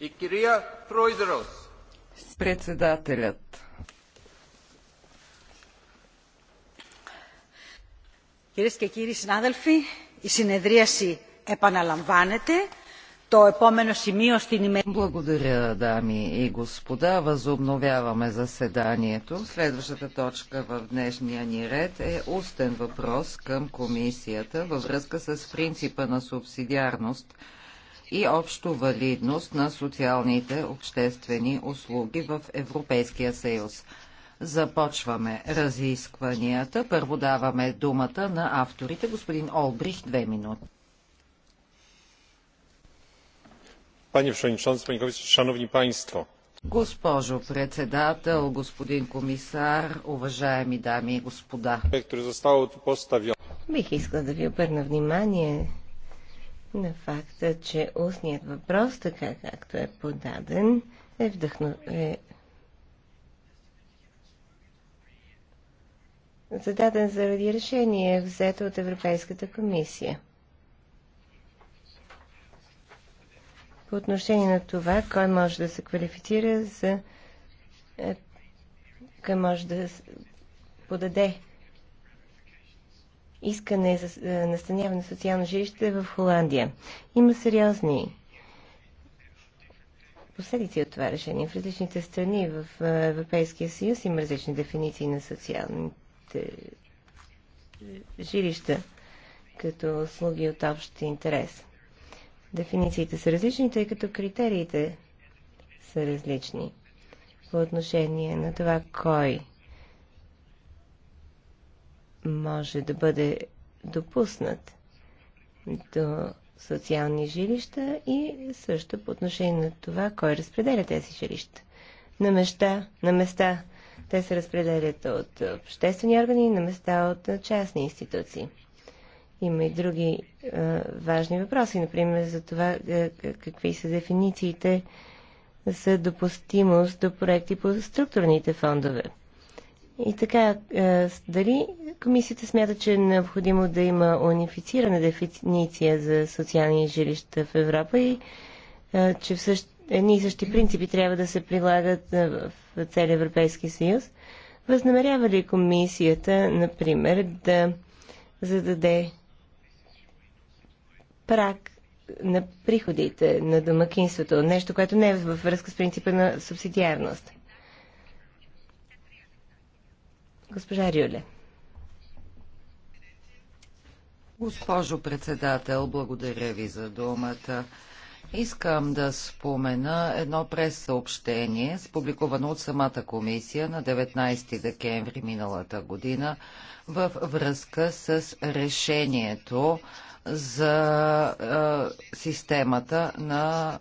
И кирия Председателят. Κυρίες και κύριοι συνάδελφοι, η συνεδρίαση επαναλαμβάνεται. Το επόμενο σημείο στην ημέρα... Благодаря, дами и господа. Възобновяваме заседанието. Следващата точка в днешния ни ред е устен въпрос към комисията във връзка с принципа на субсидиарност – и общо валидност на социалните обществени услуги в Европейския съюз. Започваме разискванията. Първо даваме думата на авторите. Господин Олбрих, две минути. Panie Przewodniczący, Panie Komisarzu, Szanowni Państwo! Госпожо председател, господин комисар, уважаеми дами и господа! Бих искал да ви обърна внимание на факта, че устният въпрос, така както е подаден, е, вдъхно... е зададен заради решение, взето от Европейската комисия. По отношение на това, кой може да се квалифицира за е, кой може да подаде искане за е, настаняване на социално жилище в Холандия. Има сериозни последици от това решение. В различните страни в е, Европейския съюз има различни дефиниции на социалните е, жилища като услуги от общ интерес. Дефинициите са различни, тъй като критериите са различни по отношение на това кой може да бъде допуснат до социални жилища и също по отношение на това, кой разпределя тези жилища. На места, на места те се разпределят от обществени органи, на места от частни институции. Има и други е, важни въпроси, например за това е, какви са дефинициите за допустимост до проекти по структурните фондове. И така, е, дали комисията смята, че е необходимо да има унифицирана дефиниция за социални жилища в Европа и е, че в същ... едни и същи принципи трябва да се прилагат е, в целия Европейски съюз? Възнамерява ли комисията, например, да зададе прак на приходите на домакинството? Нещо, което не е във връзка с принципа на субсидиарност. Госпожа Рюле. Госпожо председател, благодаря ви за думата. Искам да спомена едно прес-съобщение, спубликувано от самата комисия на 19 декември миналата година в връзка с решението за е, системата на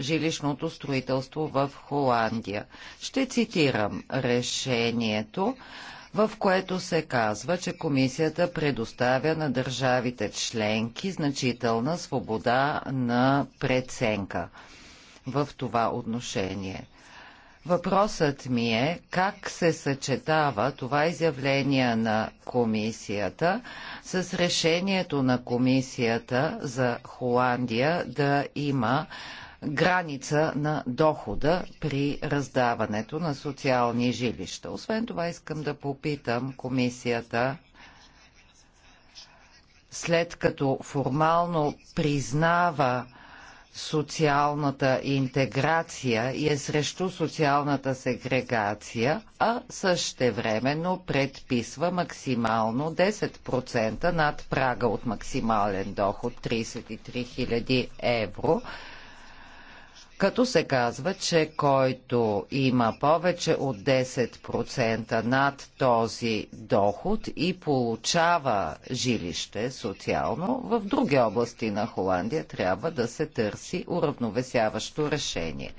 жилищното строителство в Холандия. Ще цитирам решението. Е, в което се казва, че комисията предоставя на държавите членки значителна свобода на преценка в това отношение. Въпросът ми е как се съчетава това изявление на комисията с решението на комисията за Холандия да има граница на дохода при раздаването на социални жилища. Освен това искам да попитам комисията след като формално признава социалната интеграция и е срещу социалната сегрегация, а същевременно предписва максимално 10% над прага от максимален доход 33 000 евро като се казва, че който има повече от 10% над този доход и получава жилище социално, в други области на Холандия трябва да се търси уравновесяващо решение.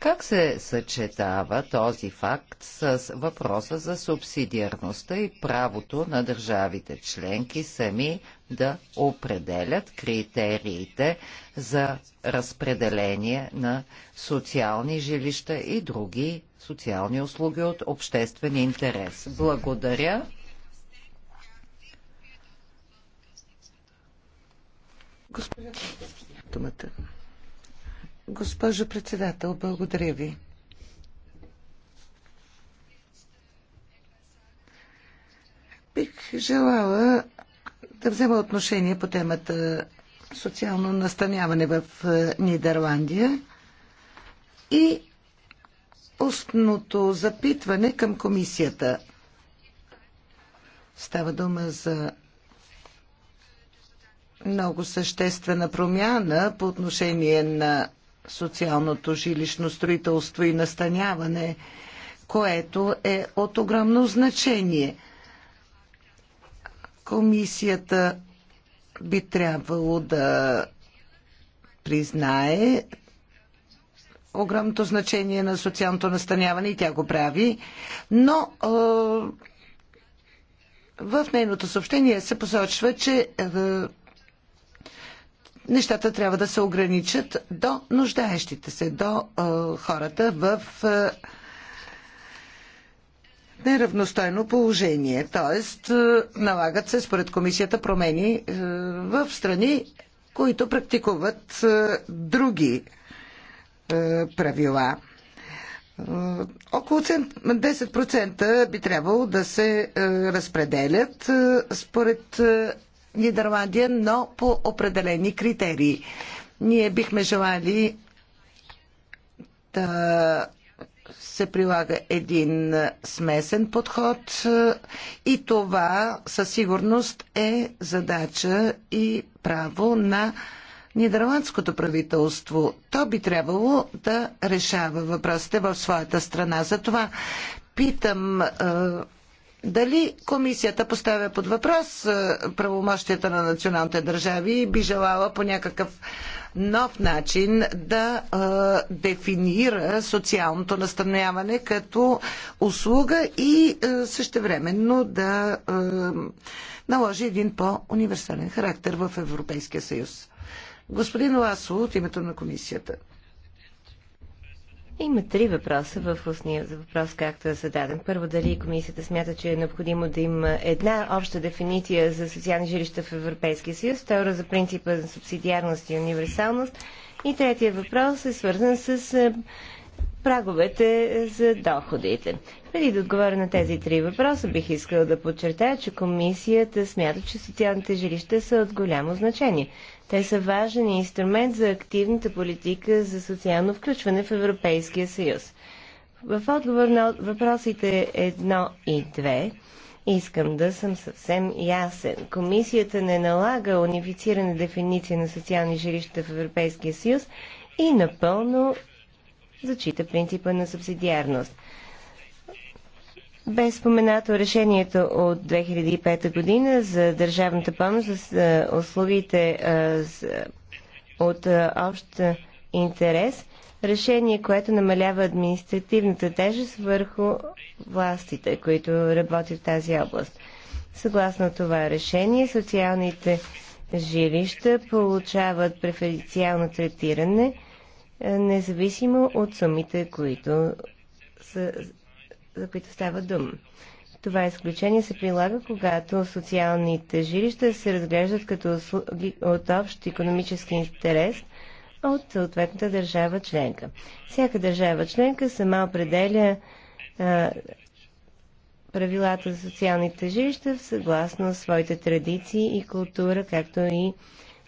Как се съчетава този факт с въпроса за субсидиарността и правото на държавите членки сами да определят критериите за разпределение на социални жилища и други социални услуги от обществен интерес. Благодаря. Госпожо председател, благодаря ви. Бих желала да взема отношение по темата социално настаняване в е, Нидерландия и устното запитване към комисията. Става дума за много съществена промяна по отношение на социалното жилищно строителство и настаняване, което е от огромно значение – Комисията би трябвало да признае огромното значение на социалното настаняване и тя го прави, но в нейното съобщение се посочва, че нещата трябва да се ограничат до нуждаещите се, до хората в неравностойно положение. Тоест, е, налагат се според комисията промени е, в страни, които практикуват е, други правила. Около 10% би трябвало да се разпределят според Нидерландия, но по определени критерии. Ние бихме желали да се прилага един смесен подход и това със сигурност е задача и право на нидерландското правителство. То би трябвало да решава въпросите в своята страна. Затова питам дали комисията поставя под въпрос е, правомощията на националните държави и би желала по някакъв нов начин да е, дефинира социалното настаняване като услуга и е, същевременно да е, наложи един по-универсален характер в Европейския съюз? Господин Ласо от името на комисията. Има три въпроса в устния въпрос, както е зададен. Първо, дали комисията смята, че е необходимо да има една обща дефиниция за социални жилища в Европейския съюз, второ за принципа на субсидиарност и универсалност и третия въпрос е свързан с е, праговете за доходите. Преди да отговоря на тези три въпроса, бих искала да подчертая, че комисията смята, че социалните жилища са от голямо значение. Те са важен инструмент за активната политика за социално включване в Европейския съюз. В отговор на въпросите 1 и 2 искам да съм съвсем ясен. Комисията не налага унифицирана дефиниция на социални жилища в Европейския съюз и напълно зачита принципа на субсидиарност. Бе споменато решението от 2005 година за държавната помощ за е, услугите е, от е, общ интерес, решение, което намалява административната тежест върху властите, които работят в тази област. Съгласно това решение, социалните жилища получават преференциално третиране, независимо от сумите, които са за които става дума. Това изключение се прилага, когато социалните жилища се разглеждат като услуги от общ економически интерес от съответната държава членка. Всяка държава членка сама определя а, правилата за социалните жилища в съгласно своите традиции и култура, както и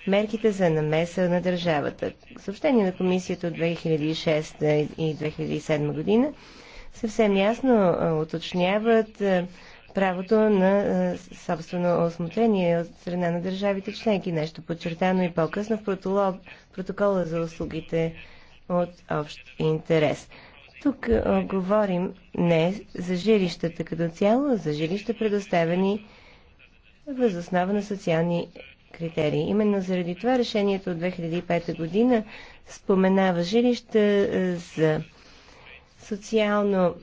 мерките за намеса на държавата. Съобщение на комисията от 2006 и 2007 година съвсем ясно уточняват правото на собствено осмотрение от страна на държавите членки. Нещо подчертано и по-късно в протокола за услугите от общ интерес. Тук говорим не за жилищата като цяло, а за жилища предоставени възоснова на социални критерии. Именно заради това решението от 2005 година споменава жилища за социално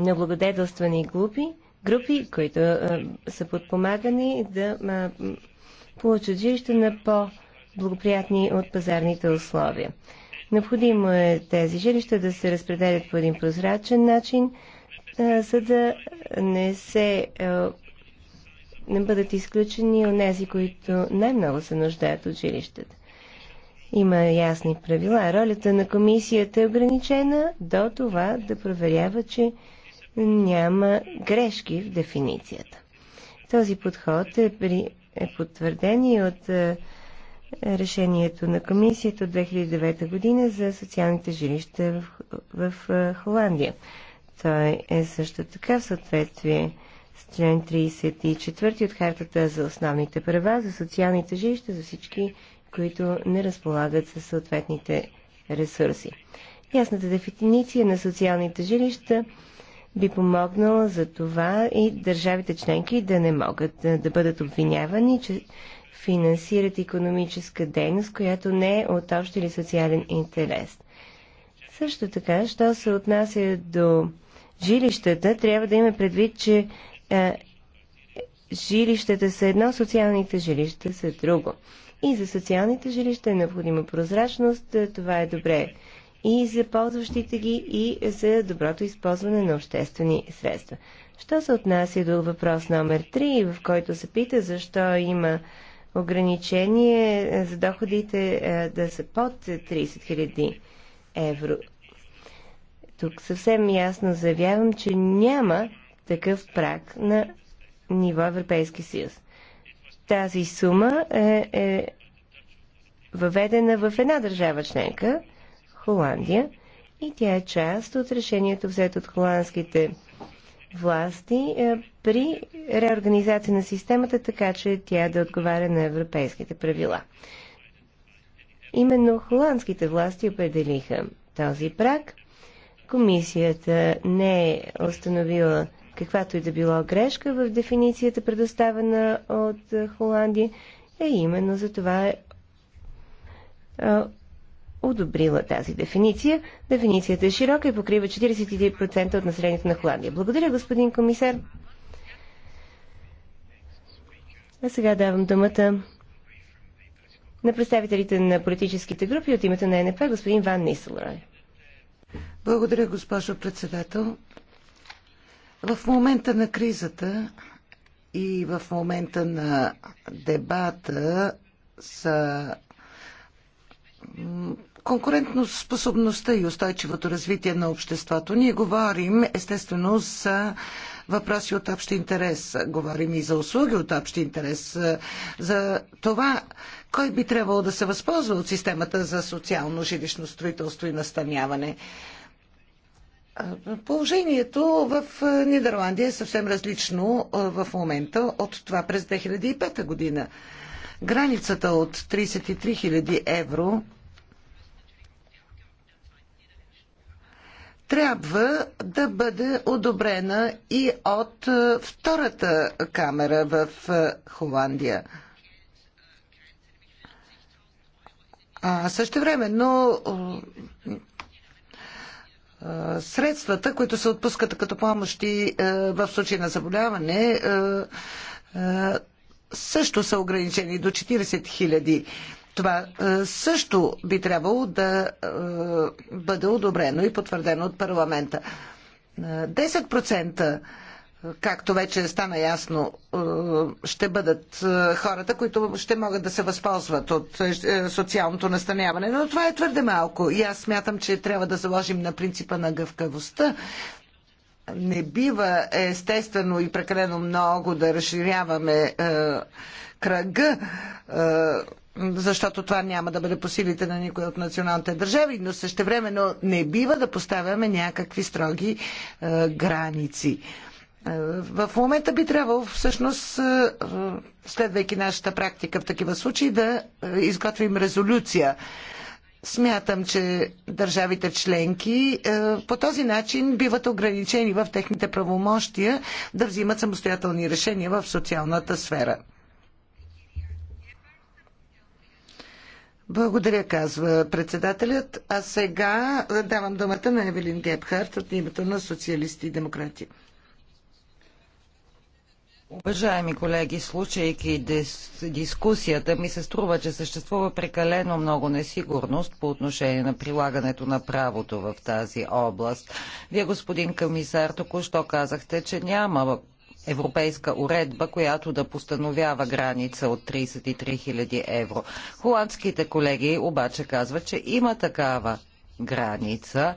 неблагодетелствани групи, групи, които а, са подпомагани да а, получат жилище на по-благоприятни от пазарните условия. Необходимо е тези жилища да се разпределят по един прозрачен начин, за да не се а, не бъдат изключени от тези, които най-много се нуждаят от жилищата. Има ясни правила. Ролята на комисията е ограничена до това да проверява, че няма грешки в дефиницията. Този подход е, при, е потвърден и от е, решението на комисията от 2009 година за социалните жилища в, в е, Холандия. Той е също така в съответствие с член 34 от Хартата за основните права, за социалните жилища, за всички които не разполагат със съответните ресурси. Ясната дефиниция на социалните жилища би помогнала за това и държавите членки да не могат е, да бъдат обвинявани, че финансират економическа дейност, която не е от общ или социален интерес. Също така, що се отнася до жилищата, трябва да има предвид, че е, жилищата са едно, социалните жилища са друго. И за социалните жилища е необходима прозрачност, е, това е добре. И за ползващите ги, и за доброто използване на обществени средства. Що се отнася до въпрос номер 3, в който се пита защо има ограничение е, за доходите е, да са под 30 000 евро. Тук съвсем ясно заявявам, че няма такъв прак на ниво Европейски съюз. Тази сума е, е въведена в една държава членка, Холандия, и тя е част от решението взето от холандските власти е, при реорганизация на системата, така че тя да отговаря на европейските правила. Именно холандските власти определиха този прак. Комисията не е установила каквато и да било грешка в дефиницията, предоставена от е, Холандия, е именно за това е одобрила тази дефиниция. Дефиницията е широка и покрива 43% от населението на Холандия. Благодаря, господин комисар. А сега давам думата на представителите на политическите групи от името на НП, господин Ван Нисълрой. Благодаря, госпожо председател. В момента на кризата и в момента на дебата са конкурентно способността и устойчивото развитие на обществото. Ние говорим естествено за въпроси от общ интерес. Говорим и за услуги от общ интерес. За това кой би трябвало да се възползва от системата за социално жилищно строителство и настаняване. Положението в Нидерландия е съвсем различно в момента от това през 2005 година. Границата от 33 000 евро трябва да бъде одобрена и от втората камера в Холандия. А също време, но средствата, които се отпускат като помощи в случай на заболяване, също са ограничени до 40 хиляди. Това също би трябвало да бъде одобрено и потвърдено от парламента. 10% както вече стана ясно, е, ще бъдат е, хората, които ще могат да се възползват от е, социалното настаняване. Но това е твърде малко и аз смятам, че трябва да заложим на принципа на гъвкавостта. Не бива естествено и прекалено много да разширяваме кръга защото това няма да бъде по силите на никой от националните държави, но същевременно не бива да поставяме някакви строги е, граници. Е, в момента би трябвало всъщност, е, следвайки нашата практика в такива случаи, да е, изготвим резолюция. Смятам, че държавите членки по този начин биват ограничени в техните правомощия да взимат самостоятелни решения в социалната сфера. Благодаря, казва председателят. А сега давам думата на Евелин Гепхарт от името на социалисти и демократи. Уважаеми колеги, случайки дис, дискусията, ми се струва, че съществува прекалено много несигурност по отношение на прилагането на правото в тази област. Вие, господин комисар, току-що казахте, че няма европейска уредба, която да постановява граница от 33 000 евро. Холандските колеги обаче казват, че има такава граница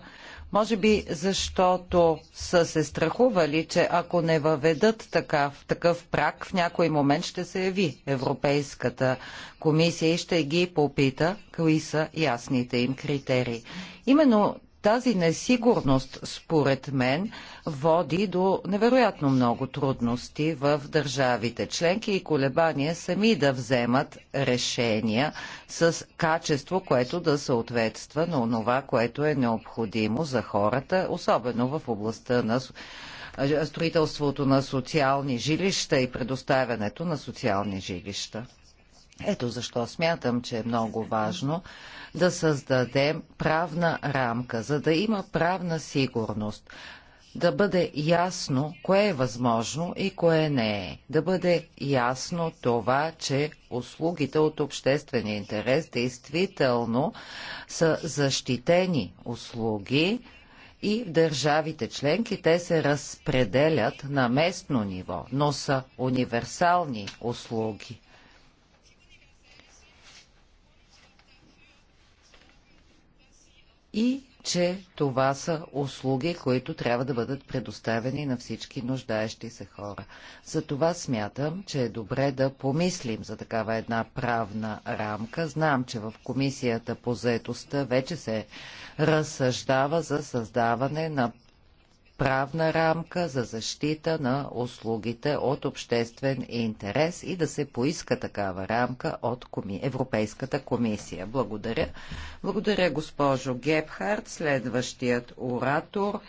може би защото са се страхували, че ако не въведат такъв, такъв прак, в някой момент ще се яви Европейската комисия и ще ги попита кои са ясните им критерии. Именно тази несигурност, според мен, води до невероятно много трудности в държавите членки и колебания сами да вземат решения с качество, което да съответства на това, което е необходимо за хората, особено в областта на строителството на социални жилища и предоставянето на социални жилища. Ето защо смятам, че е много важно да създадем правна рамка, за да има правна сигурност, да бъде ясно кое е възможно и кое не е. Да бъде ясно това, че услугите от обществения интерес действително са защитени услуги, и в държавите членки те се разпределят на местно ниво, но са универсални услуги. и че това са услуги, които трябва да бъдат предоставени на всички нуждаещи се хора. Затова смятам, че е добре да помислим за такава една правна рамка. Знам, че в Комисията по заетостта вече се разсъждава за създаване на правна рамка за защита на услугите от обществен интерес и да се поиска такава рамка от коми... Европейската комисия. Благодаря. Благодаря, госпожо Гепхард. Следващият оратор.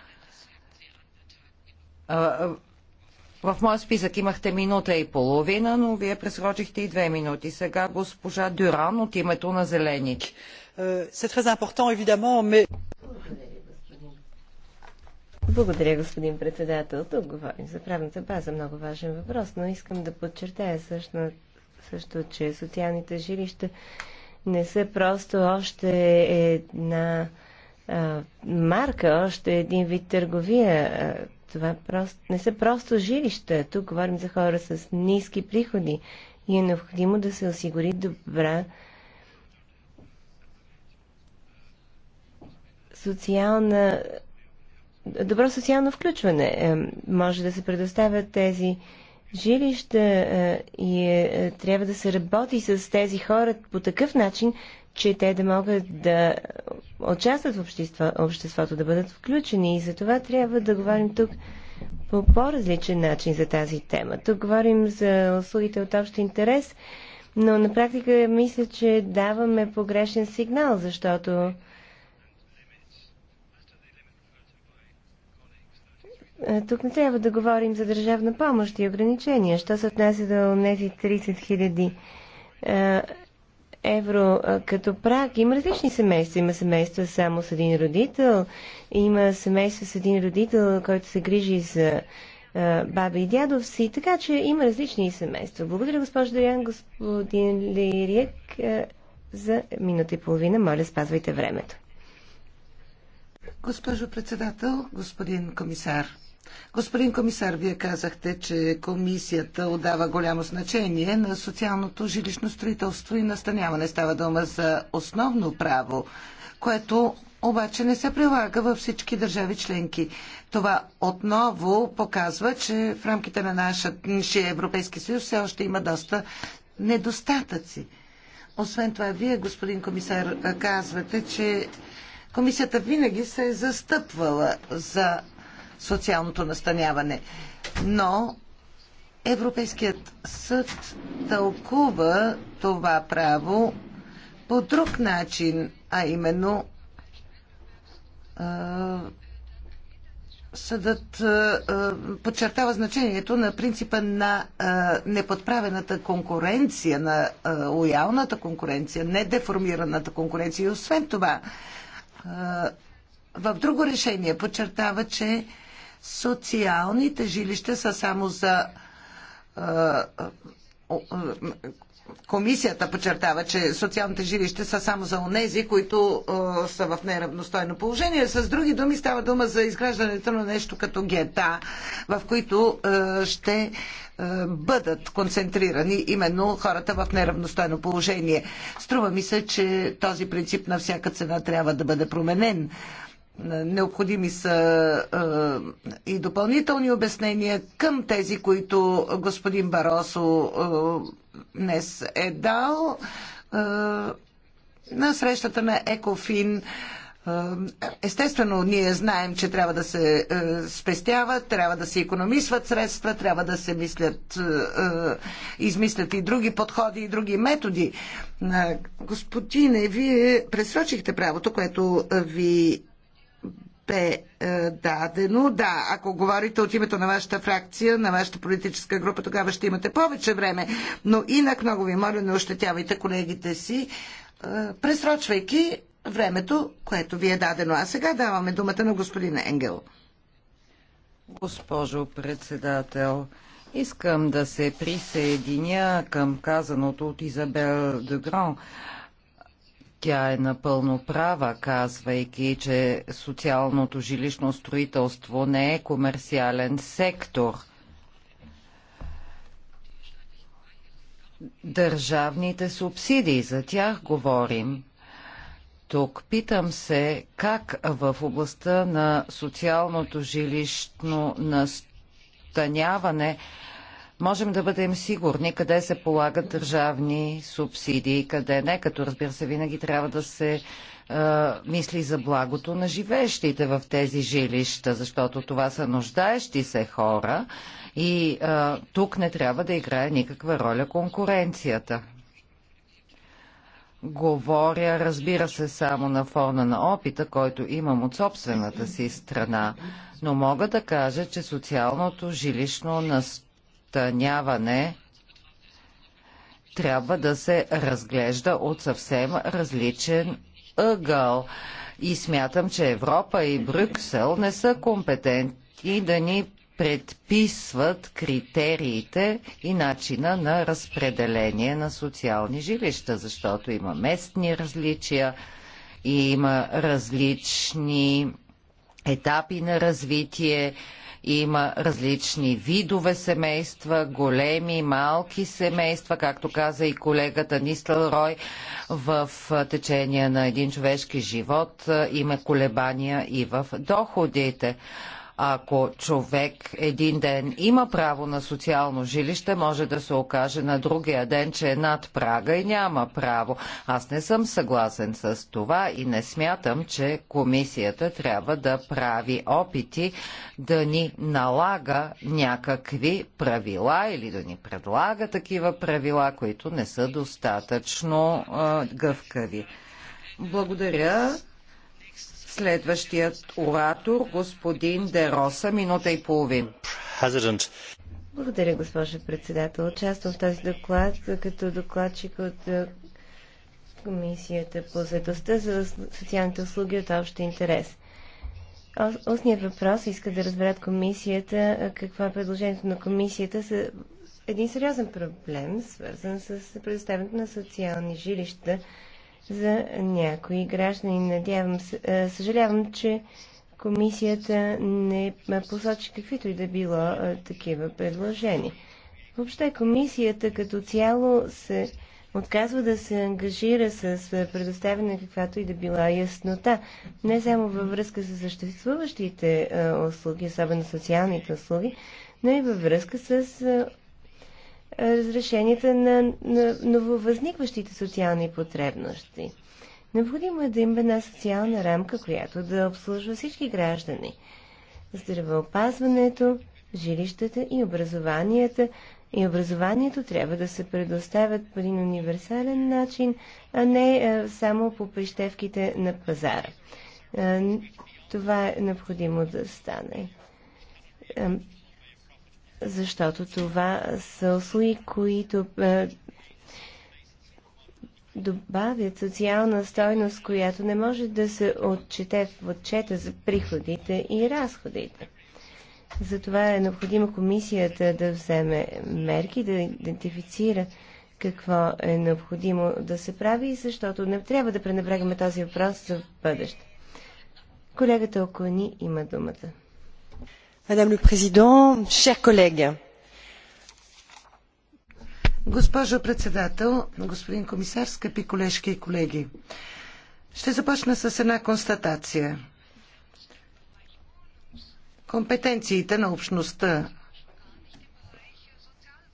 В моя списък имахте минута и половина, но вие пресрочихте и две минути. Сега госпожа Дюран от името на Зелените. Е, c'est très important, évidemment, mais... Благодаря, господин председател. Тук говорим за правната база. Много важен въпрос, но искам да подчертая също, също че социалните жилища не са просто още една а, марка, още един вид търговия. Това просто, не са просто жилища. Тук говорим за хора с ниски приходи и е необходимо да се осигури добра социална добро социално включване. Е, може да се предоставят тези жилища е, и е, трябва да се работи с тези хора по такъв начин, че те да могат да участват в общество, обществото, да бъдат включени. И за това трябва да говорим тук по по-различен начин за тази тема. Тук говорим за услугите от общ интерес, но на практика мисля, че даваме погрешен сигнал, защото Е, тук не трябва да говорим за държавна помощ и ограничения. Що се отнася до тези 30 000 евро е, като прак, има различни семейства. Има семейства само с един родител, има семейства с един родител, който се грижи за е, баба и дядов си, така че има различни семейства. Благодаря, госпожо Дориан, господин Лирик, за минута и половина. Моля, спазвайте времето. Госпожо председател, господин комисар, Господин комисар, вие казахте, че комисията отдава голямо значение на социалното жилищно строителство и настаняване. Става дума за основно право, което обаче не се прилага във всички държави членки. Това отново показва, че в рамките на нашия Европейски съюз все още има доста недостатъци. Освен това, вие, господин комисар, казвате, че комисията винаги се е застъпвала за социалното настаняване. Но Европейският съд тълкува това право по друг начин, а именно съдът подчертава значението на принципа на неподправената конкуренция, на лоялната конкуренция, недеформираната конкуренция. И освен това, в друго решение подчертава, че Социалните жилища са само за Комисията подчертава, че социалните жилища са само за онези, които са в неравностойно положение. С други думи става дума за изграждането на нещо като гета, в които ще бъдат концентрирани именно хората в неравностойно положение. Струва ми се, че този принцип на всяка цена трябва да бъде променен. Необходими са е, и допълнителни обяснения към тези, които господин Баросо е, днес е дал е, на срещата на Екофин. Естествено, ние знаем, че трябва да се спестяват, трябва да се економисват средства, трябва да се мислят, измислят и други подходи, и други методи. Господине, вие пресрочихте правото, което ви бе е, дадено. Да, ако говорите от името на вашата фракция, на вашата политическа група, тогава ще имате повече време. Но инак много ви моля, не ощетявайте колегите си, е, пресрочвайки времето, което ви е дадено. А сега даваме думата на господин Енгел. Госпожо председател, искам да се присъединя към казаното от Изабел Дегран. Тя е напълно права, казвайки, че социалното жилищно строителство не е комерциален сектор – държавните субсидии, за тях говорим. Тук питам се как в областта на социалното жилищно настаняване можем да бъдем сигурни къде се полагат държавни субсидии, къде не, като разбира се винаги трябва да се мисли за благото на живеещите в тези жилища, защото това са нуждаещи се хора и а, тук не трябва да играе никаква роля конкуренцията. Говоря, разбира се, само на фона на опита, който имам от собствената си страна, но мога да кажа, че социалното жилищно настояние отстраняване трябва да се разглежда от съвсем различен ъгъл. И смятам, че Европа и Брюксел не са компетентни да ни предписват критериите и начина на разпределение на социални жилища, защото има местни различия и има различни етапи на развитие има различни видове семейства, големи, малки семейства, както каза и колегата Нистел Рой, в течение на един човешки живот има колебания и в доходите. Ако човек един ден има право на социално жилище, може да се окаже на другия ден, че е над прага и няма право. Аз не съм съгласен с това и не смятам, че комисията трябва да прави опити да ни налага някакви правила или да ни предлага такива правила, които не са достатъчно а, гъвкави. Благодаря. Следващият оратор, господин Дероса, минута и половин. Благодаря, госпожа председател. Участвам в този доклад като докладчик от е, Комисията по заедостта за социалните услуги от общ интерес. Устният въпрос иска да разберат комисията е, Каква е предложението на комисията за един сериозен проблем, свързан с предоставянето на социални жилища за някои граждани. Надявам, се, е, съжалявам, че комисията не посочи каквито и да било е, такива предложения. Въобще комисията като цяло се отказва да се ангажира с е, предоставяне каквато и да била яснота, не само във връзка с съществуващите услуги, особено социалните услуги, но и във връзка с разрешенията на, на нововъзникващите социални потребности. Необходимо е да има една социална рамка, която да обслужва всички граждани. Здравеопазването, жилищата и образованията и образованието трябва да се предоставят по един универсален начин, а не е, само по прищевките на пазара. Е, това е необходимо да стане защото това са услуги, които е, добавят социална стойност, която не може да се отчете в отчета за приходите и разходите. Затова е необходимо комисията да вземе мерки, да идентифицира какво е необходимо да се прави, защото не трябва да пренебрегаме този въпрос за бъдеще. Колегата Окони има думата. Madame la présidente chers collègues. Госпожо председател, господин комисар, скъпи колежки и колеги. Ще започна с една констатация. Компетенциите на общността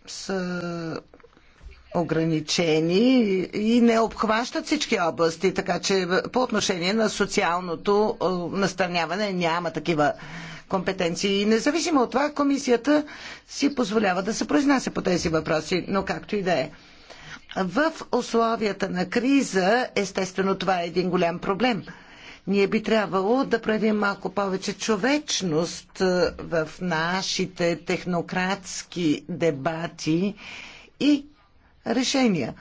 са ограничени и не обхващат всички области, така че по отношение на социалното е, настаняване няма такива компетенции. И независимо от това, комисията си позволява да се произнася по тези въпроси, но както и да е. В условията на криза, естествено, това е един голям проблем. Ние би трябвало да правим малко повече човечност е, в нашите технократски дебати и решения.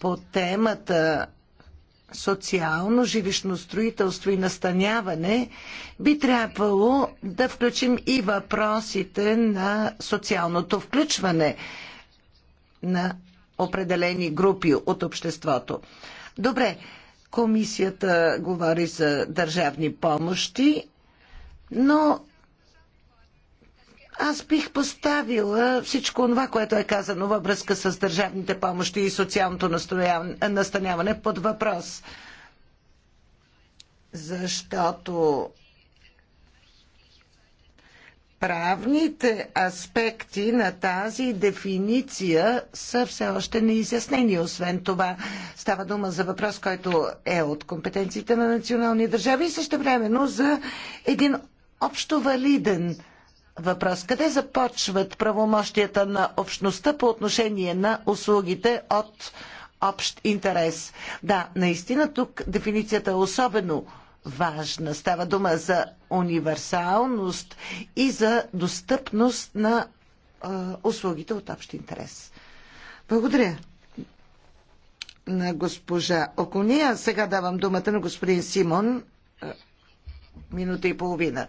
По темата социално жилищно строителство и настаняване, би трябвало да включим и въпросите на социалното включване на определени групи от обществото. Добре, комисията говори за държавни помощи, но аз бих поставила всичко това, което е казано във връзка с държавните помощи и социалното настаняване под въпрос. Защото правните аспекти на тази дефиниция са все още неизяснени. Освен това, става дума за въпрос, който е от компетенциите на национални държави и също времено за един общо валиден въпрос. Къде започват правомощията на общността по отношение на услугите от общ интерес? Да, наистина тук дефиницията е особено важна. Става дума за универсалност и за достъпност на е, услугите от общ интерес. Благодаря на госпожа Окуния. Сега давам думата на господин Симон. Минута и половина.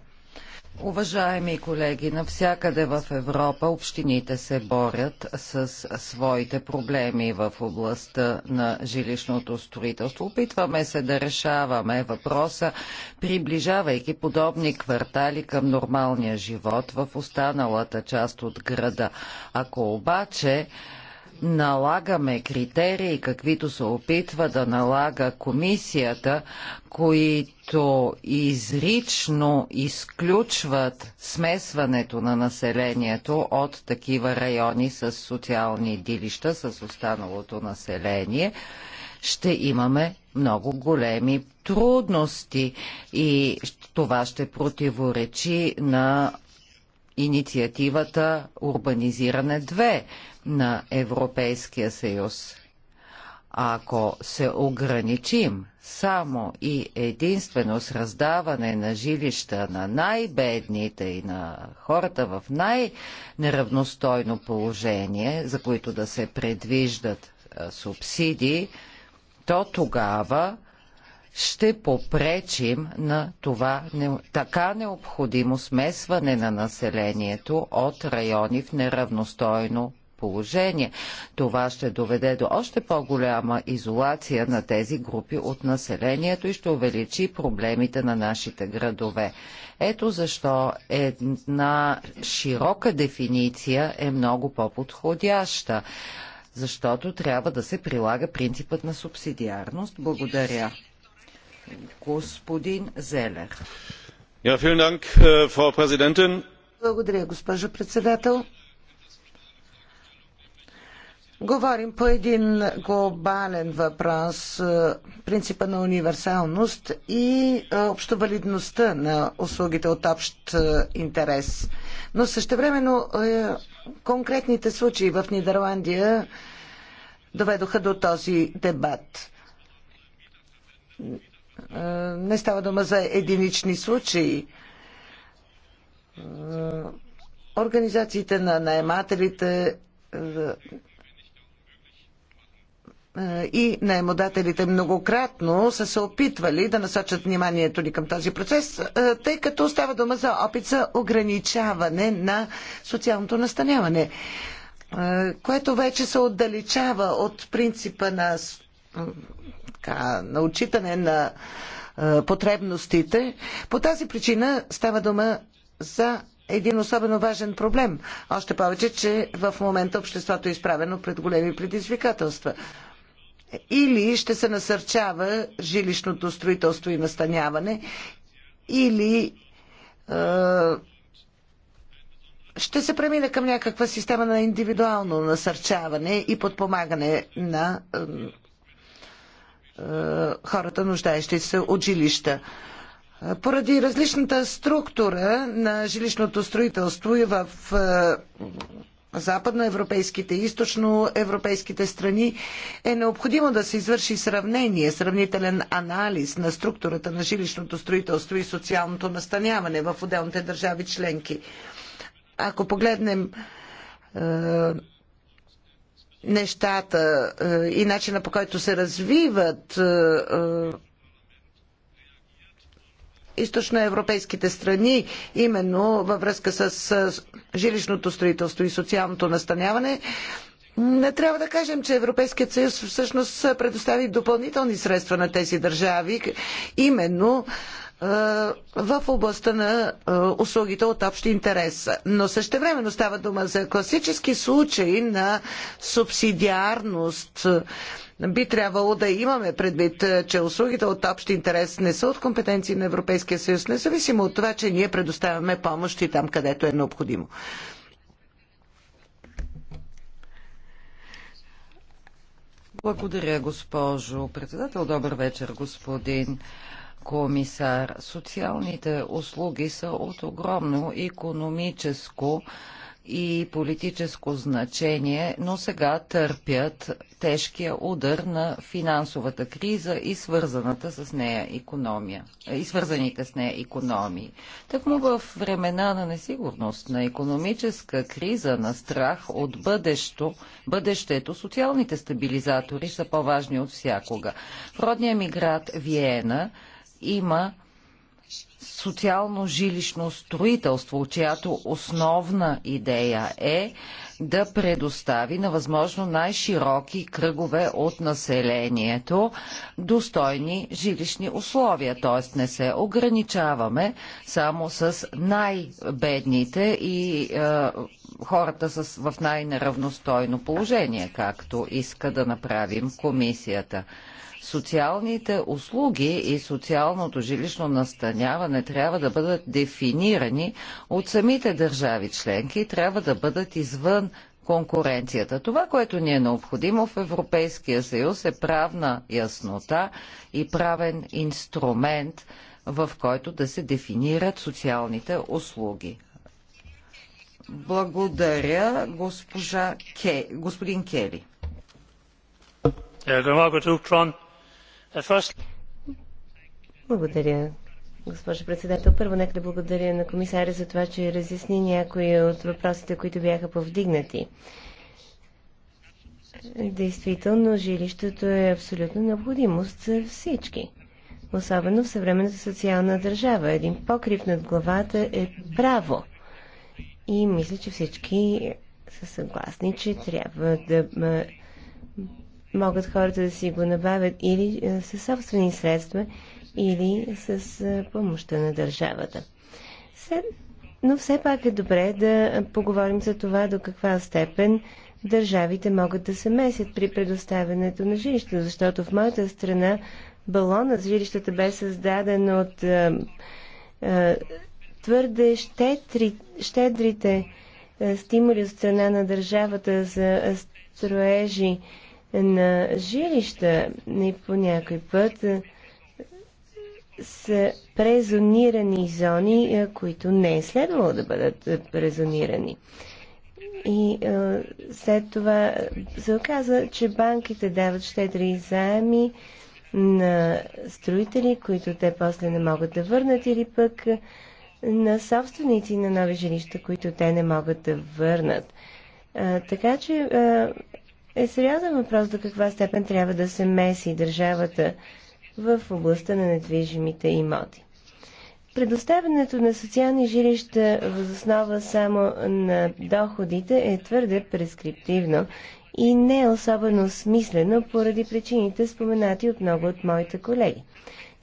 Уважаеми колеги, навсякъде в Европа общините се борят с своите проблеми в областта на жилищното строителство. Опитваме се да решаваме въпроса, приближавайки подобни квартали към нормалния живот в останалата част от града. Ако обаче налагаме критерии, каквито се опитва да налага комисията, които изрично изключват смесването на населението от такива райони с социални дилища, с останалото население, ще имаме много големи трудности и това ще противоречи на инициативата Урбанизиране 2, на Европейския съюз. Ако се ограничим само и единствено с раздаване на жилища на най-бедните и на хората в най-неравностойно положение, за които да се предвиждат субсидии, то тогава ще попречим на това така необходимо смесване на населението от райони в неравностойно положение. Това ще доведе до още по-голяма изолация на тези групи от населението и ще увеличи проблемите на нашите градове. Ето защо една широка дефиниция е много по-подходяща, защото трябва да се прилага принципът на субсидиарност. Благодаря. Господин Зелер. Äh, Благодаря, госпожо председател. Говорим по един глобален въпрос, е, принципа на универсалност и е, общовалидността на услугите от общ е, интерес. Но същевременно конкретните случаи в Нидерландия доведоха до този дебат. Не става дума за единични случаи. Организациите на наемателите е, и наемодателите многократно са се опитвали да насочат вниманието ни към този процес, е, тъй като става дума за опит за ограничаване на социалното настаняване, е, което вече се отдалечава от принципа на, така, на отчитане на потребностите. По тази причина става дума за един особено важен проблем. Още повече, че в момента обществото е изправено пред големи предизвикателства или ще се насърчава жилищното строителство и настаняване, или е, ще се премине към някаква система на индивидуално насърчаване и подпомагане на е, е, хората, нуждаещи се от жилища. Поради различната структура на жилищното строителство и в е, западноевропейските и източноевропейските страни, е необходимо да се извърши сравнение, сравнителен анализ на структурата на жилищното строителство и социалното настаняване в отделните държави членки. Ако погледнем е, нещата е, и начина по който се развиват е, източноевропейските страни, именно във връзка с жилищното строителство и социалното настаняване, не трябва да кажем, че Европейският съюз всъщност предостави допълнителни средства на тези държави, именно е, в областта на е, услугите от общ интерес. Но същевременно става дума за класически случаи на субсидиарност би трябвало да имаме предвид, е, че услугите от общ интерес не са от компетенции на Европейския съюз, независимо от това, че ние предоставяме помощи там, където е необходимо. Благодаря, госпожо председател. Добър вечер, господин комисар. Социалните услуги са от огромно економическо и политическо значение, но сега търпят тежкия удар на финансовата криза и свързаната с нея економия, е, и свързаните с нея економии. Так му в времена на несигурност, на економическа криза, на страх от бъдещо, бъдещето, социалните стабилизатори са по-важни от всякога. В родния ми град Виена има социално-жилищно строителство, чиято основна идея е да предостави на възможно най-широки кръгове от населението достойни жилищни условия. Т.е. не се ограничаваме само с най-бедните и е, хората с, в най-неравностойно положение, както иска да направим комисията. Социалните услуги и социалното жилищно настаняване трябва да бъдат дефинирани от самите държави членки, трябва да бъдат извън конкуренцията. Това, което ни е необходимо в Европейския съюз е правна яснота и правен инструмент, в който да се дефинират социалните услуги. Благодаря, госпожа Ке... господин Кели. Благодаря, госпожо председател. Първо нека да благодаря на комисаря за това, че разясни някои от въпросите, които бяха повдигнати. Действително, жилището е абсолютно необходимост за всички. Особено в съвременната социална държава. Един покрив над главата е право. И мисля, че всички са съгласни, че трябва да могат хората да си го набавят или е, със собствени средства, или с е, помощта на държавата. Но все пак е добре да поговорим за това до каква степен държавите могат да се месят при предоставянето на жилища, защото в моята страна балона с жилищата бе създаден от е, твърде щедри, щедрите стимули от страна на държавата за строежи на жилища не по някой път е, са презонирани зони, е, които не е следвало да бъдат е, презонирани. И а, след това се оказа, че банките дават щедри заеми на строители, които те после не могат да върнат или пък на собственици на нови жилища, които те не могат да върнат. А, така че а, е сериозен въпрос до каква степен трябва да се меси държавата в областта на недвижимите имоти. Предоставянето на социални жилища възоснова само на доходите е твърде прескриптивно и не е особено смислено поради причините споменати от много от моите колеги.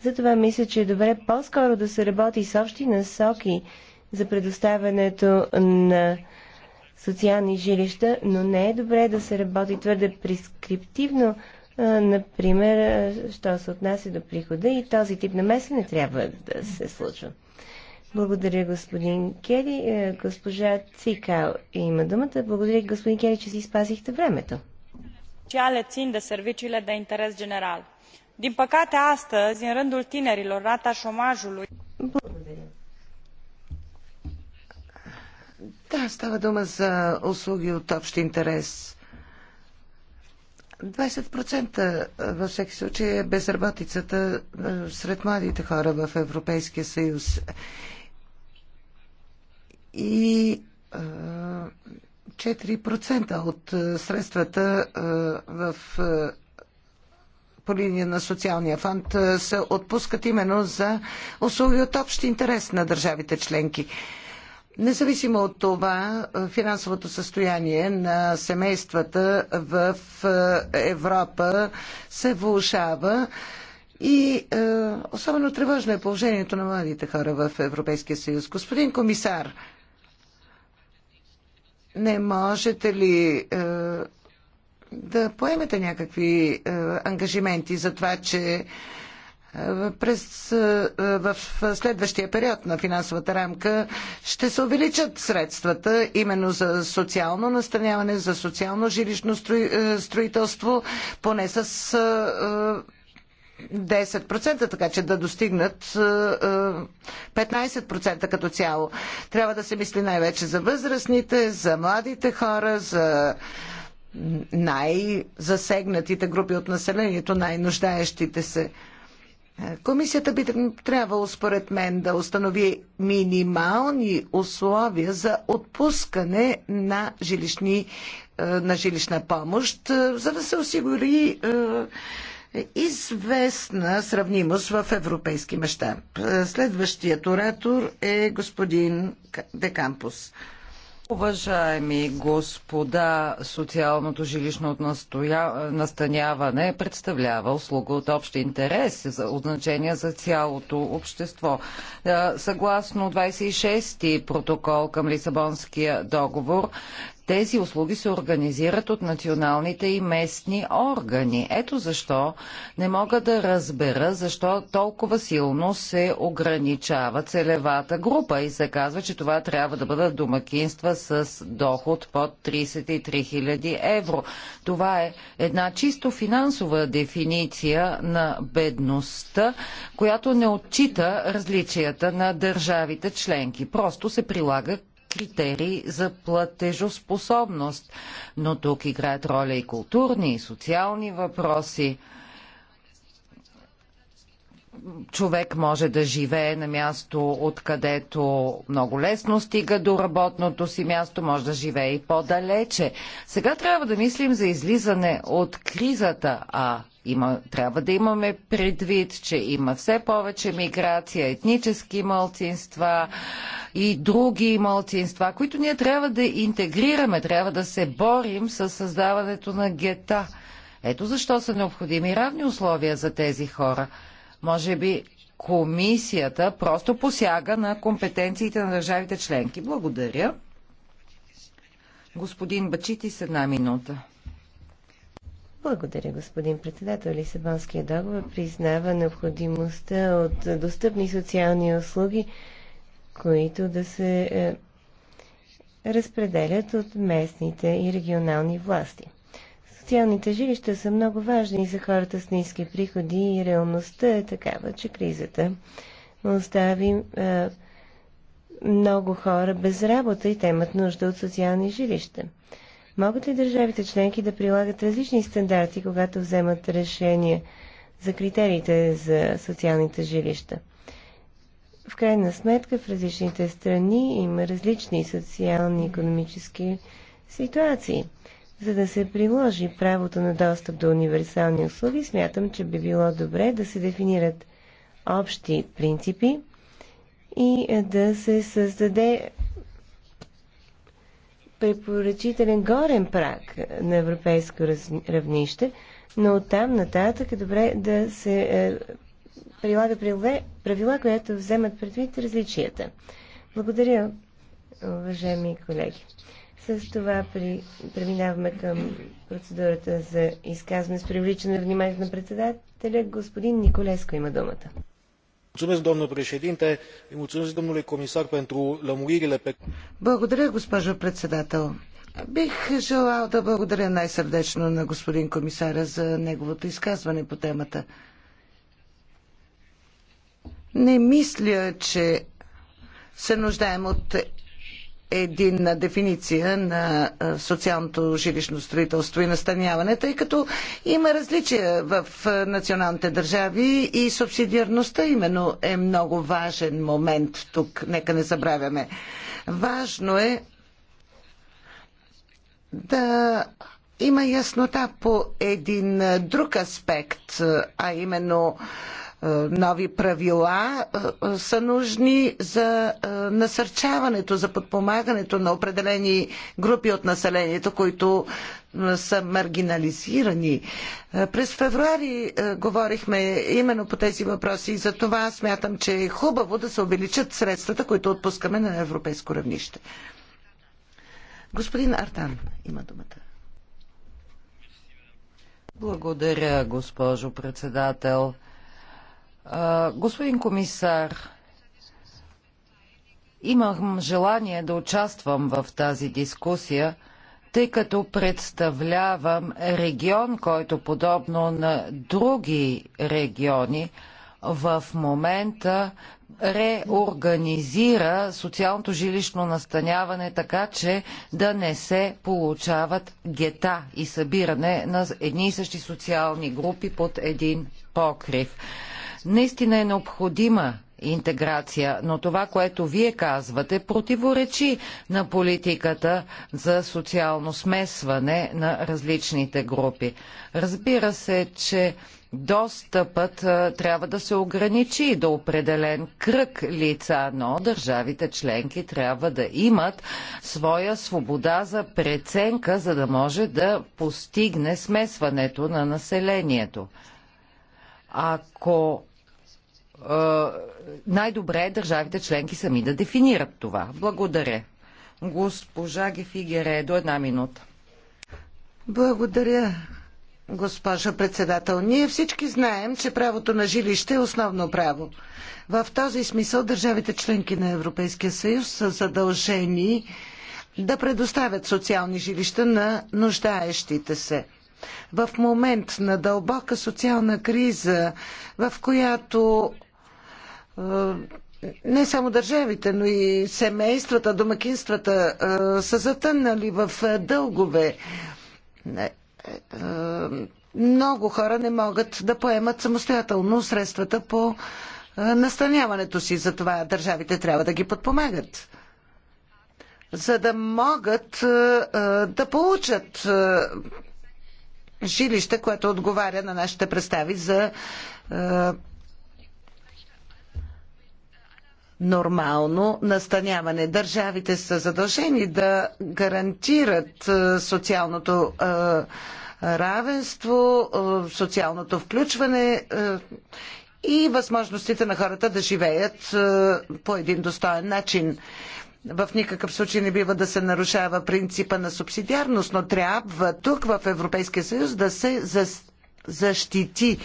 Затова мисля, че е добре по-скоро да се работи с общи насоки за предоставянето на социални жилища, но не е добре да се работи твърде прескриптивно, например, що се отнася до прихода и този тип намеси не трябва да се случва. Благодаря, господин Кери. Е, госпожа Цикал има думата. Благодаря, господин Кери, че си спазихте времето. Sociale țin de serviciile de interes general. Din păcate, astăzi, în rândul tinerilor, rata șomajului... Благодаря. Да, става дума за услуги от общ интерес. 20% е, във всеки случай е безработицата е, сред младите хора в Европейския съюз. И 4% е, от средствата в по линия на социалния фонд се отпускат именно за услуги от общ интерес на държавите членки. Независимо от това, е, финансовото състояние на семействата в е, Европа се влушава и е, особено тревожно е положението на младите хора в Европейския съюз. Господин комисар, не можете ли е, да поемете някакви е, ангажименти за това, че през, е, в следващия период на финансовата рамка ще се увеличат средствата именно за социално настаняване, за социално жилищно е, строителство, поне с 10%, е, така че да достигнат 15% като цяло. Трябва да се мисли най-вече за възрастните, за младите хора, за най-засегнатите групи от населението, най-нуждаещите се. Комисията би трябвало, според мен, да установи минимални условия за отпускане на, жилищни, е, на жилищна помощ, е, за да се осигури е, известна сравнимост в европейски мащаб. Следващият оратор е господин Декампус. Уважаеми господа, социалното жилищно настаняване представлява услуга от общ интерес, за значение за цялото общество. Е, съгласно 26-ти протокол към Лисабонския договор, тези услуги се организират от националните и местни органи. Ето защо не мога да разбера защо толкова силно се ограничава целевата група и се казва, че това трябва да бъдат домакинства с доход под 33 000 евро. Това е една чисто финансова дефиниция на бедността, която не отчита различията на държавите членки. Просто се прилага критерий за платежоспособност. Но тук играят роля и културни, и социални въпроси човек може да живее на място, откъдето много лесно стига до работното си място, може да живее и по-далече. Сега трябва да мислим за излизане от кризата, а има, трябва да имаме предвид, че има все повече миграция, етнически мълцинства и други мълцинства, които ние трябва да интегрираме, трябва да се борим с създаването на гета. Ето защо са необходими равни условия за тези хора. Може би комисията просто посяга на компетенциите на държавите членки. Благодаря. Господин Бачити с една минута. Благодаря, господин председател. Лисабонския договор признава необходимостта от достъпни социални услуги, които да се е, разпределят от местните и регионални власти. Социалните жилища са много важни за хората с ниски приходи и реалността е такава, че кризата остави е, много хора без работа и те имат нужда от социални жилища. Могат ли държавите членки да прилагат различни стандарти, когато вземат решение за критериите за социалните жилища? В крайна сметка в различните страни има различни социални и економически ситуации. За да се приложи правото на достъп до универсални услуги, смятам, че би било добре да се дефинират общи принципи и да се създаде препоръчителен горен прак на европейско равнище, но оттам нататък е добре да се е, прилага правила, които вземат предвид различията. Благодаря, уважаеми колеги. С това при... преминаваме към процедурата за изказване с привличане на вниманието на председателя. Господин Николеско има думата. Благодаря, госпожо председател. Бих желал да благодаря най-сърдечно на господин комисаря за неговото изказване по темата. Не мисля, че се нуждаем от единна дефиниция на социалното жилищно строителство и настаняване, тъй като има различия в националните държави и субсидиарността именно е много важен момент тук. Нека не забравяме. Важно е да има яснота по един друг аспект, а именно е, нови правила е, е, са нужни за насърчаването, за подпомагането на определени групи от населението, които са маргинализирани. През февруари говорихме именно по тези въпроси и за това смятам, че е хубаво да се увеличат средствата, които отпускаме на европейско равнище. Господин Артан има думата. Благодаря, госпожо председател. Господин комисар, имам желание да участвам в тази дискусия, тъй като представлявам регион, който подобно на други региони, в момента реорганизира социалното жилищно настаняване така, че да не се получават гета и събиране на едни и същи социални групи под един покрив. Наистина е необходима интеграция, но това, което вие казвате, противоречи на политиката за социално смесване на различните групи. Разбира се, че достъпът трябва да се ограничи до определен кръг лица, но държавите членки трябва да имат своя свобода за преценка, за да може да постигне смесването на населението. Ако най-добре е държавите членки сами да дефинират това. Благодаря. Госпожа Гефигере, до една минута. Благодаря, госпожа председател. Ние всички знаем, че правото на жилище е основно право. В този смисъл държавите членки на Европейския съюз са задължени да предоставят социални жилища на нуждаещите се. В момент на дълбока социална криза, в която не само държавите, но и семействата, домакинствата са затънали в дългове. Е, е, много хора не могат да поемат самостоятелно средствата по настаняването си. Затова държавите трябва да ги подпомагат. За да могат да получат жилище, което отговаря на нашите представи за нормално настаняване. Държавите са задължени да гарантират е, социалното е, равенство, е, социалното включване и възможностите на хората да живеят по един достоен начин. В никакъв случай не бива да се нарушава принципа на субсидиарност, но трябва тук в Европейския съюз да се защити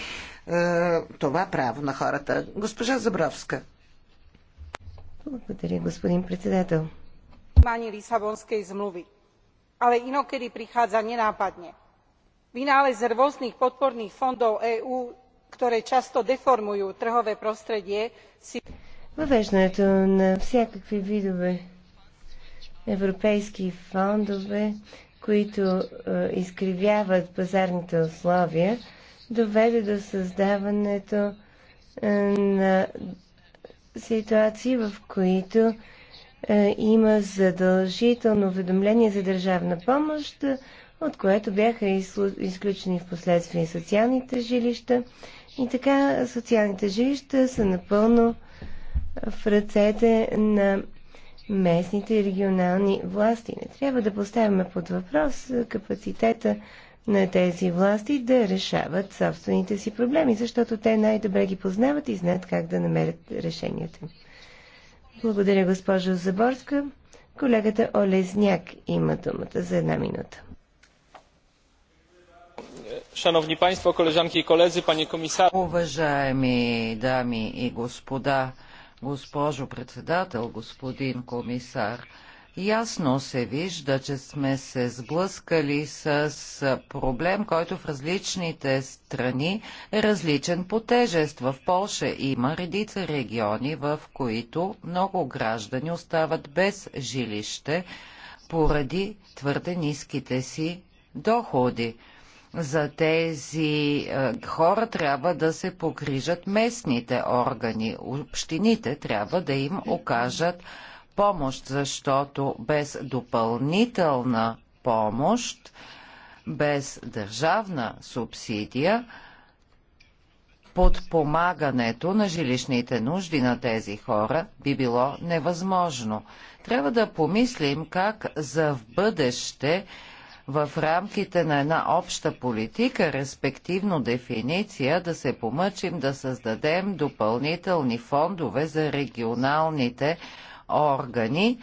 това право на хората. Госпожа Забровска. Благодаря, господин председател. Lisabonskej zmluvy. Ale inokedy prichádza nenápadne. Vynález rôznych podporných fondov EÚ, ktoré často deformujú trhové prostredie, si... Въвеждането на всякакви видове европейски фондове, които е, изкривяват пазарните условия, доведе до създаването е, на ситуации, в които е, има задължително уведомление за държавна помощ, от което бяха изключени в последствие социалните жилища. И така социалните жилища са напълно в ръцете на местните и регионални власти. Не трябва да поставяме под въпрос капацитета на тези власти да решават собствените си проблеми, защото те най-добре ги познават и знаят как да намерят решенията. Благодаря, госпожо Заборска. Колегата Олезняк има думата за една минута. Шановни панство, колежанки и колези, пани комисар. Уважаеми дами и господа, госпожо председател, господин комисар, ясно се вижда, че сме се сблъскали с проблем, който в различните страни е различен по тежест. В Польша има редица региони, в които много граждани остават без жилище поради твърде ниските си доходи. За тези е, хора трябва да се погрижат местните органи. Общините трябва да им окажат помощ, защото без допълнителна помощ, без държавна субсидия, подпомагането на жилищните нужди на тези хора би било невъзможно. Трябва да помислим как за в бъдеще в рамките на една обща политика, респективно дефиниция, да се помъчим да създадем допълнителни фондове за регионалните органи,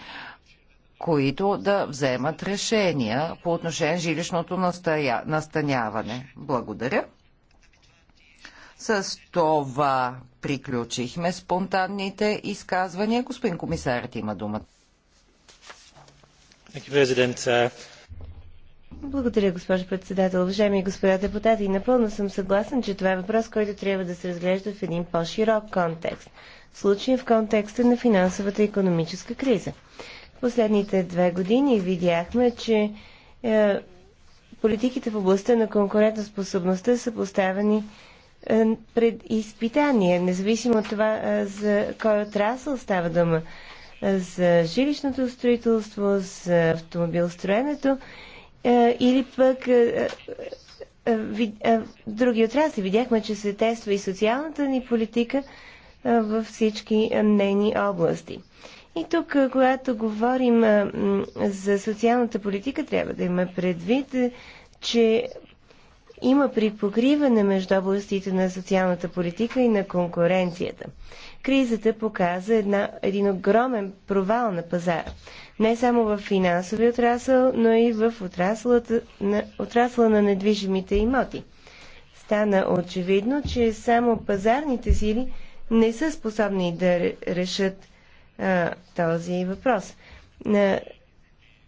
които да вземат решения по отношение на жилищното настая... настаняване. Благодаря. С това приключихме спонтанните изказвания. Господин комисарът има думата. Благодаря, госпожо председател. Уважаеми господа депутати, напълно съм съгласен, че това е въпрос, който трябва да се разглежда в един по-широк контекст случая в контекста на финансовата и економическа криза. В последните две години видяхме, че е, политиките в областта на конкурентоспособността са поставени е, пред изпитание, независимо от това е, за кой отрасъл става дума е, за жилищното строителство, за автомобилстроенето е, или пък е, е, е, други отрасли. Видяхме, че се тества и социалната ни политика във всички нейни области. И тук, когато говорим за социалната политика, трябва да има предвид, че има припокриване между областите на социалната политика и на конкуренцията. Кризата показа една, един огромен провал на пазара. Не само в финансови отрасъл, но и в на, отрасъла на недвижимите имоти. Стана очевидно, че само пазарните сили – не са способни да решат а, този въпрос. А,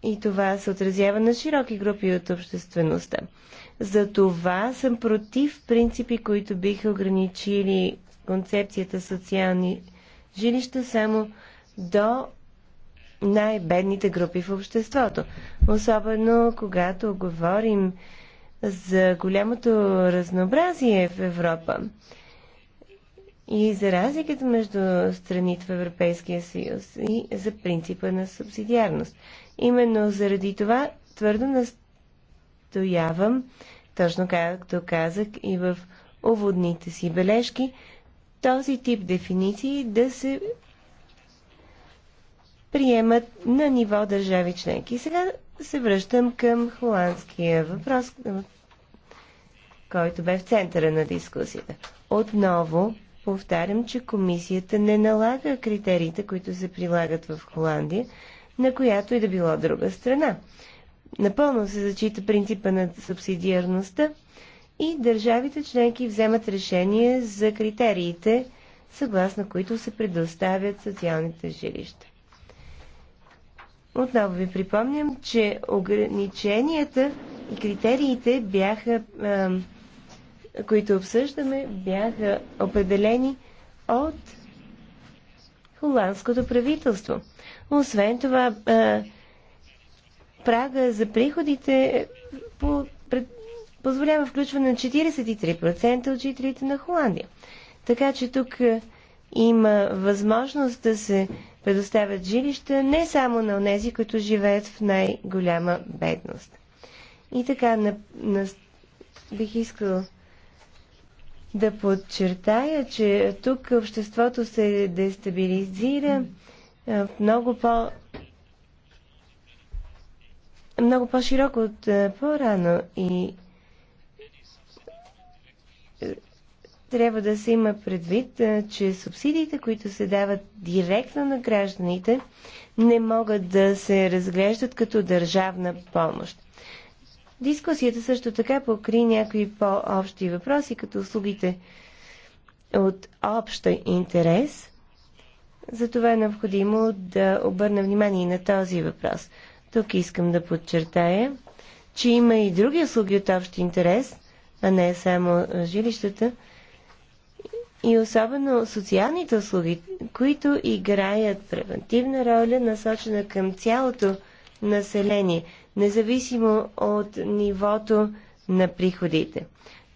и това се отразява на широки групи от обществеността. За това съм против принципи, които биха ограничили концепцията социални жилища само до най-бедните групи в обществото. Особено когато говорим за голямото разнообразие в Европа и за разликата между страните в Европейския съюз и за принципа на субсидиарност. Именно заради това твърдо настоявам, точно както казах и в уводните си бележки, този тип дефиниции да се приемат на ниво държави членки. Сега се връщам към холандския въпрос, който бе в центъра на дискусията. Отново повтарям, че комисията не налага критериите, които се прилагат в Холандия, на която и да било друга страна. Напълно се зачита принципа на субсидиарността и държавите членки вземат решение за критериите, съгласно които се предоставят социалните жилища. Отново ви припомням, че ограниченията и критериите бяха които обсъждаме, бяха определени от холандското правителство. Освен това, прага за приходите по, пред, позволява включване на 43% от жителите на Холандия. Така че тук има възможност да се предоставят жилища не само на тези, които живеят в най-голяма бедност. И така на, на, бих искал да подчертая, че тук обществото се дестабилизира много по- много по-широко от по-рано и трябва да се има предвид, че субсидиите, които се дават директно на гражданите, не могат да се разглеждат като държавна помощ. Дискусията също така покри някои по-общи въпроси, като услугите от общ интерес. Затова е необходимо да обърна внимание на този въпрос. Тук искам да подчертая, че има и други услуги от общ интерес, а не само жилищата, и особено социалните услуги, които играят превентивна роля, насочена към цялото население – независимо от нивото на приходите.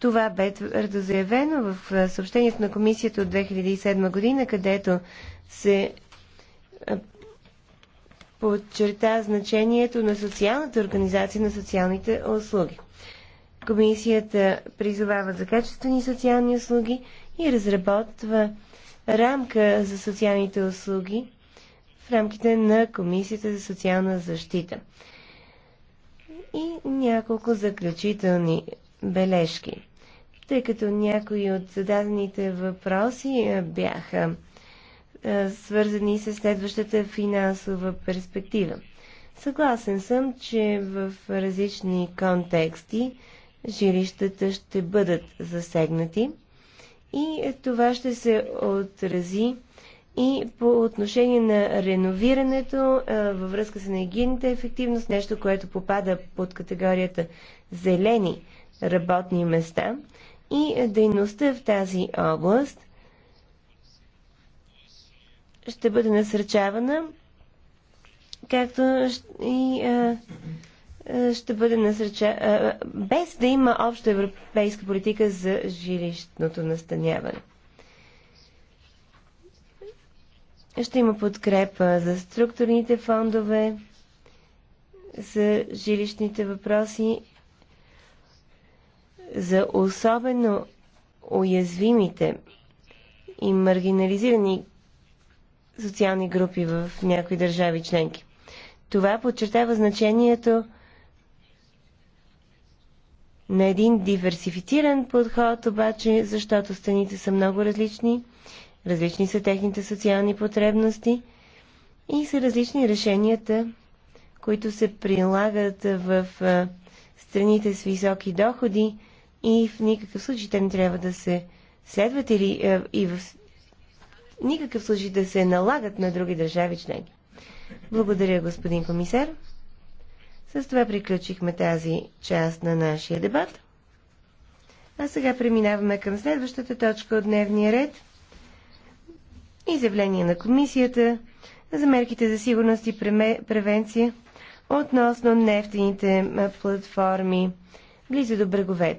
Това бе твърдо заявено в съобщението на комисията от 2007 година, където се подчерта значението на социалната организация на социалните услуги. Комисията призовава за качествени социални услуги и разработва рамка за социалните услуги в рамките на Комисията за социална защита. И няколко заключителни бележки. Тъй като някои от зададените въпроси е, бяха е, свързани с следващата финансова перспектива. Съгласен съм, че в различни контексти жилищата ще бъдат засегнати и това ще се отрази и по отношение на реновирането във връзка с енергийната ефективност, нещо, което попада под категорията зелени работни места и дейността в тази област ще бъде насърчавана, както и ще бъде насърча... без да има обща европейска политика за жилищното настаняване. Ще има подкрепа за структурните фондове, за жилищните въпроси, за особено уязвимите и маргинализирани социални групи в някои държави членки. Това подчертава значението на един диверсифициран подход, обаче, защото страните са много различни различни са техните социални потребности и са различни решенията, които се прилагат в страните с високи доходи и в никакъв случай те не трябва да се следват или и в никакъв случай да се налагат на други държави членки. Благодаря, господин комисар. С това приключихме тази част на нашия дебат. А сега преминаваме към следващата точка от дневния ред – изявление на комисията за мерките за сигурност и превенция относно нефтените платформи близо до бреговете.